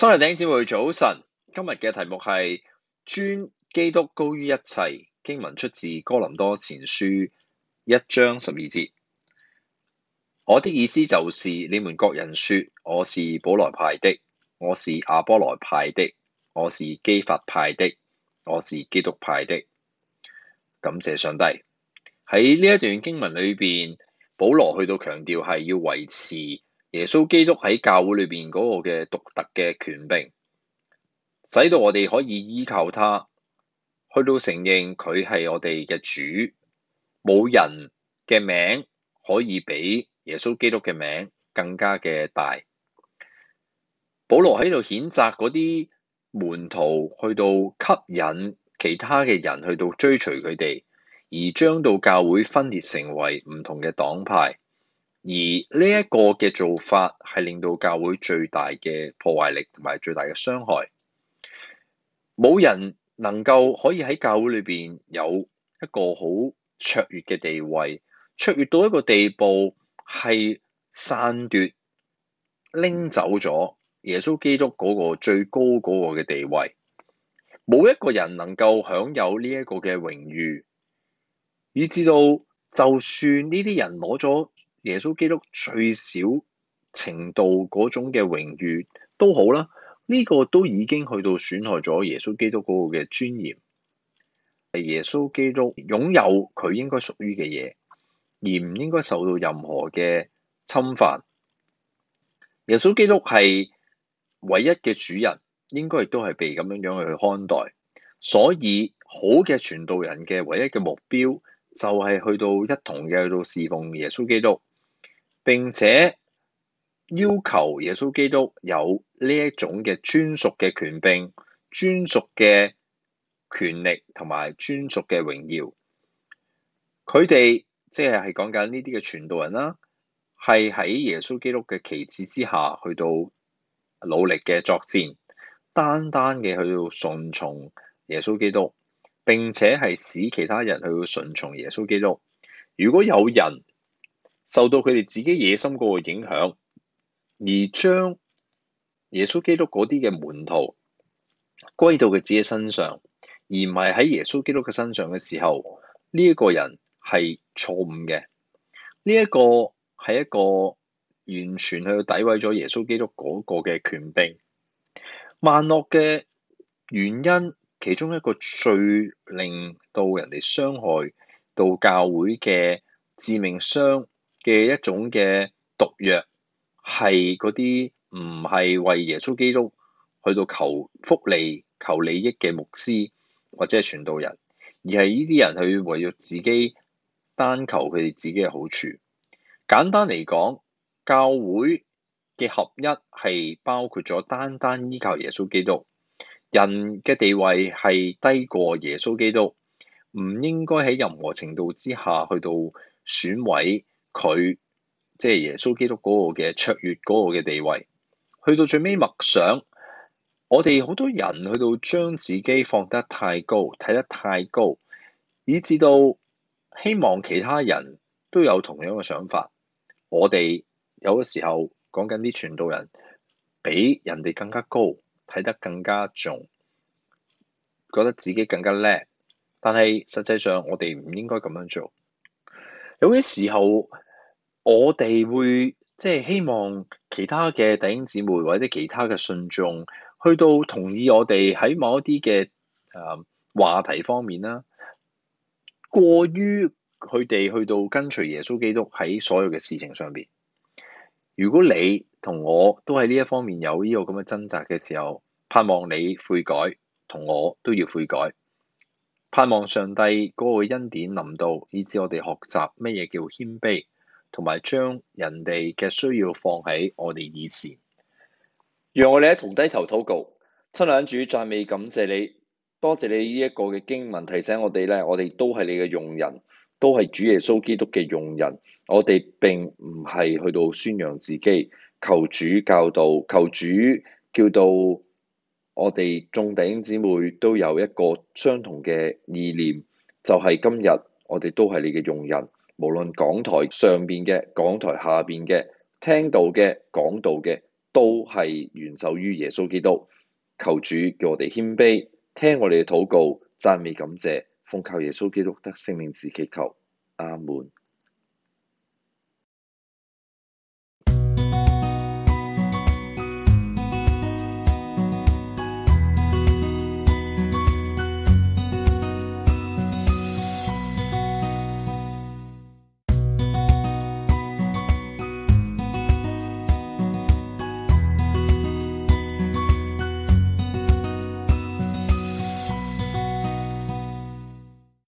今日嘅題目係尊基督高於一切，經文出自哥林多前書一章十二節。我的意思就是，你們各人說，我是保羅派的，我是亞波羅派的，我是磯法派的，我是基督派的。感謝上帝。喺呢一段經文裏邊，保羅去到強調係要維持。耶穌基督喺教會裏邊嗰個嘅獨特嘅權柄，使到我哋可以依靠他，去到承認佢係我哋嘅主，冇人嘅名可以比耶穌基督嘅名更加嘅大。保羅喺度譴責嗰啲門徒去到吸引其他嘅人去到追隨佢哋，而將到教會分裂成為唔同嘅黨派。而呢一個嘅做法係令到教會最大嘅破壞力同埋最大嘅傷害。冇人能夠可以喺教會裏邊有一個好卓越嘅地位，卓越到一個地步係篡奪、拎走咗耶穌基督嗰個最高嗰個嘅地位。冇一個人能夠享有呢一個嘅榮譽，以至到就算呢啲人攞咗耶穌基督最少程度嗰種嘅榮譽都好啦，呢、呢個都已經去到損害咗耶穌基督嗰個嘅尊嚴。係耶穌基督擁有佢應該屬於嘅嘢，而唔應該受到任何嘅侵犯。耶穌基督係唯一嘅主人，應該亦都係被咁樣樣去看待。所以好嘅傳道人嘅唯一嘅目標，就係去到一同嘅去到侍奉耶穌基督。並且要求耶穌基督有呢一種嘅專屬嘅權柄、專屬嘅權力同埋專屬嘅榮耀。佢哋即係係講緊呢啲嘅傳道人啦，係喺耶穌基督嘅旗幟之下去到努力嘅作戰，單單嘅去到順從耶穌基督，並且係使其他人去到順從耶穌基督。如果有人受到佢哋自己野心嗰個影響，而將耶穌基督嗰啲嘅門徒歸到佢自己身上，而唔係喺耶穌基督嘅身上嘅時候，呢、這、一個人係錯誤嘅。呢、這、一個係一個完全去詆毀咗耶穌基督嗰個嘅權柄。萬惡嘅原因，其中一個最令到人哋傷害到教會嘅致命傷。嘅一種嘅毒藥，係嗰啲唔係為耶穌基督去到求福利、求利益嘅牧師或者係傳道人，而係呢啲人去為咗自己單求佢哋自己嘅好處。簡單嚟講，教會嘅合一係包括咗單單依靠耶穌基督，人嘅地位係低過耶穌基督，唔應該喺任何程度之下去到損毀。佢即係耶穌基督嗰個嘅卓越嗰個嘅地位，去到最尾默想，我哋好多人去到將自己放得太高，睇得太高，以至到希望其他人都有同樣嘅想法。我哋有嘅時候講緊啲傳道人比人哋更加高，睇得更加重，覺得自己更加叻，但係實際上我哋唔應該咁樣做。有啲時候。我哋會即係希望其他嘅弟兄姊妹或者其他嘅信眾去到同意我哋喺某一啲嘅誒話題方面啦。過於佢哋去到跟隨耶穌基督喺所有嘅事情上邊。如果你同我都喺呢一方面有呢個咁嘅掙扎嘅時候，盼望你悔改，同我都要悔改。盼望上帝嗰個恩典臨到，以至我哋學習乜嘢叫謙卑。同埋將人哋嘅需要放喺我哋以前，讓我哋一同低頭禱告。親愛主，讚美感謝你，多謝你呢一個嘅經文提醒我哋咧。我哋都係你嘅用人，都係主耶穌基督嘅用人。我哋並唔係去到宣揚自己，求主教導，求主叫到我哋眾弟兄姊妹都有一個相同嘅意念，就係今日我哋都係你嘅用人。無論講台上邊嘅、講台下邊嘅、聽到嘅、講到嘅，都係源受於耶穌基督。求主叫我哋謙卑，聽我哋嘅禱告、讚美、感謝，奉靠耶穌基督得聖靈自祈求。阿門。